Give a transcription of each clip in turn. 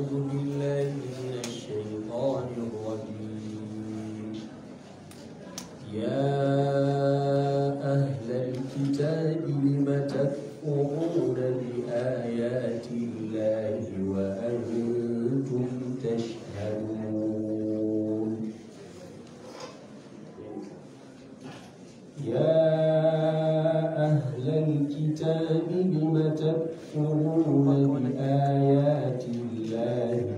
أعوذ بالله من الشيطان الرجيم يا أهل الكتاب لم تكفرون بآيات الله وأنتم تشهدون يا الكتاب لم تكفرون بآيات الله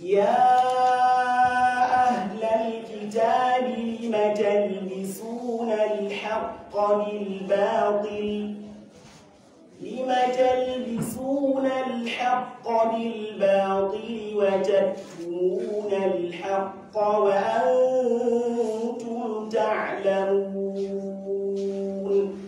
يا أهل الكتاب لم تلبسون الحق بالباطل لم تلبسون الحق بالباطل وتكتمون الحق وأنتم تعلمون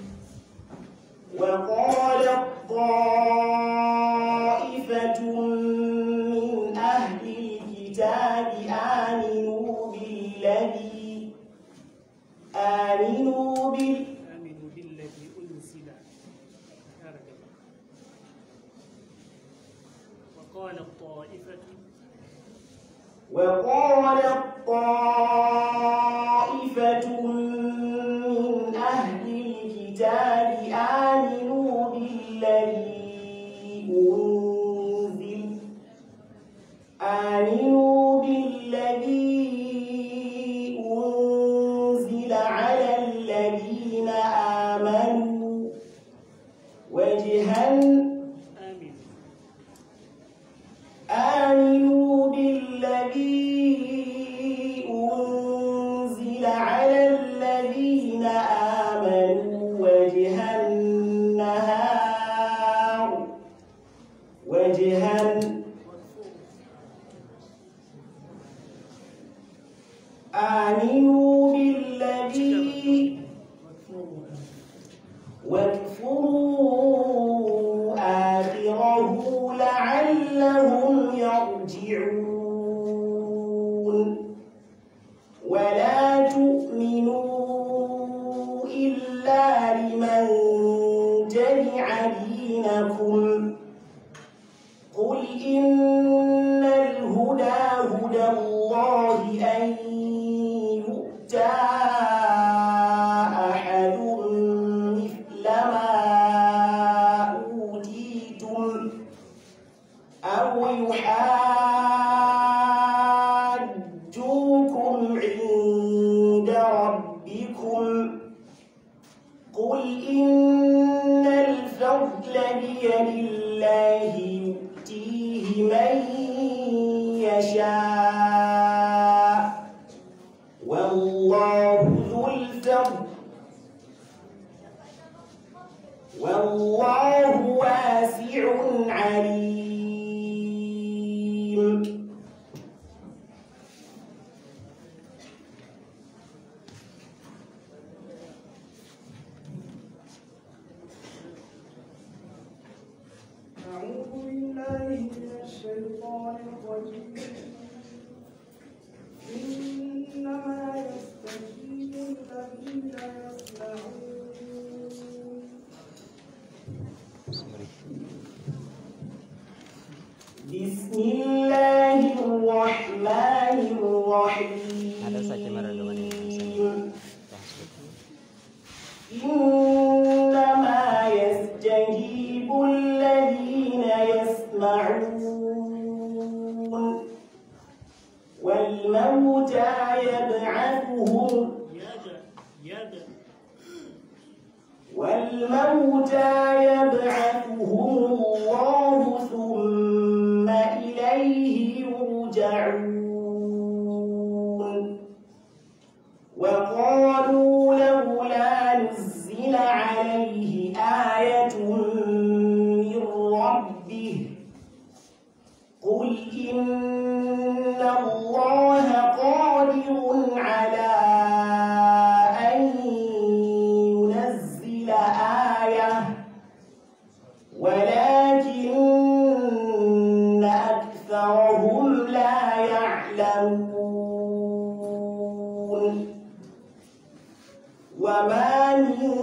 وقال طائفة من أهل الكتاب آمنوا بالذي آمنوا وقال الطائفة وقال الطائفة carinho الله بسم الله الرحمن الرحيم إنما يستجيب الذين يسمعون والموتى يبعثهم والموتى يبعثهم الله ثم لا يعلمون وما من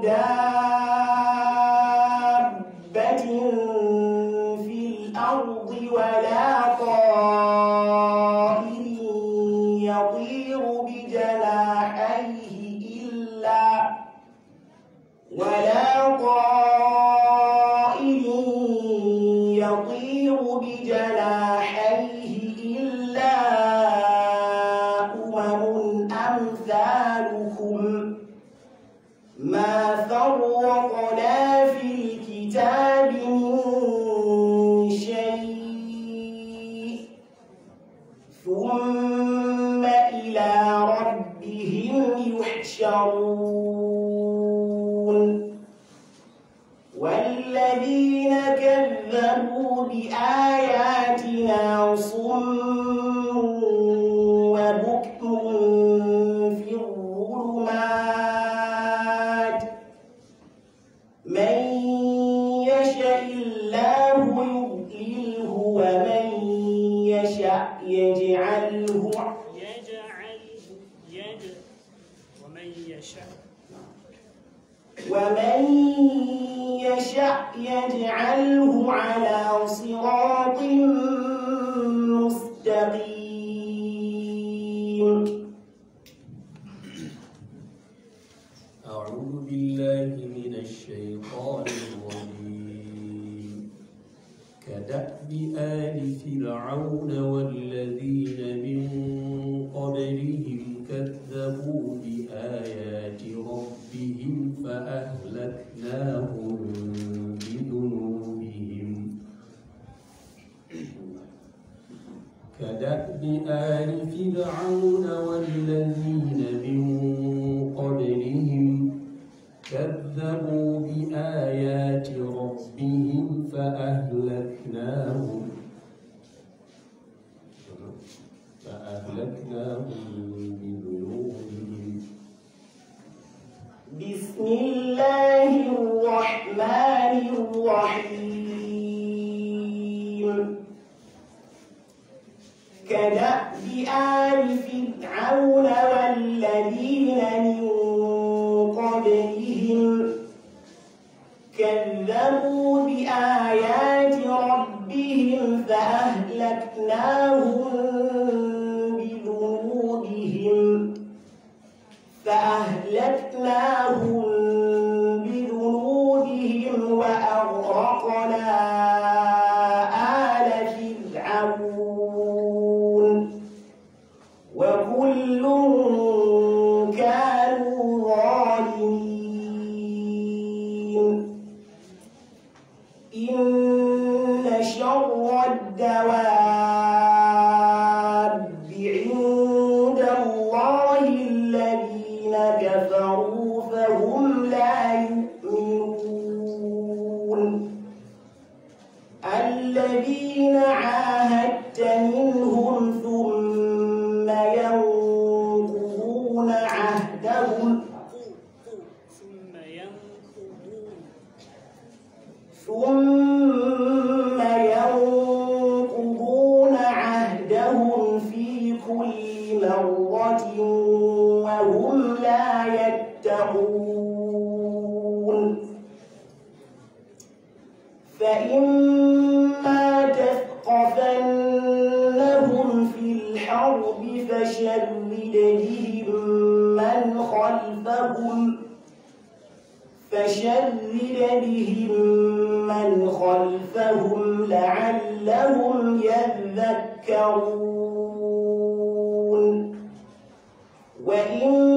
دابة في الأرض ولا طائر يطير بجناحيه إلا ولا طائر تدله على صراط مستقيم أعوذ بالله من الشيطان الرجيم كدأب آل فرعون والذين من قبلهم كذبوا بآيات ربهم فأهلكناهم فأهلكناهم فأهلكناهم بذنوبهم بسم الله الرحمن الرحيم كدأب آل فرعون والذين من كذبوا بآيات ربهم فأهلكناهم بذنوبهم فأهلكناهم وأذلهم في الحرب فشرد بهم من خلفهم فشرد بهم من خلفهم لعلهم يذكرون وإن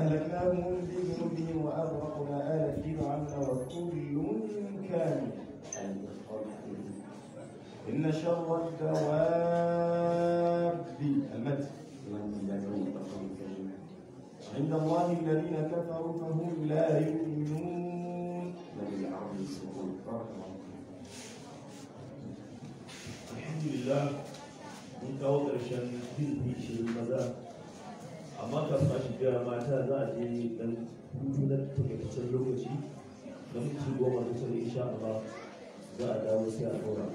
أهلكناهم بذنوبهم وأغرقنا آل فرعون وكل كان إن شر الدواب المد عند الله الذين كفروا فهم لا يؤمنون الحمد لله من توتر شن في شيء amma kafin shi mata za a je dan hutu na takaitaccen lokaci na mutum goma da tare insha Allah za a dawo sai a dora.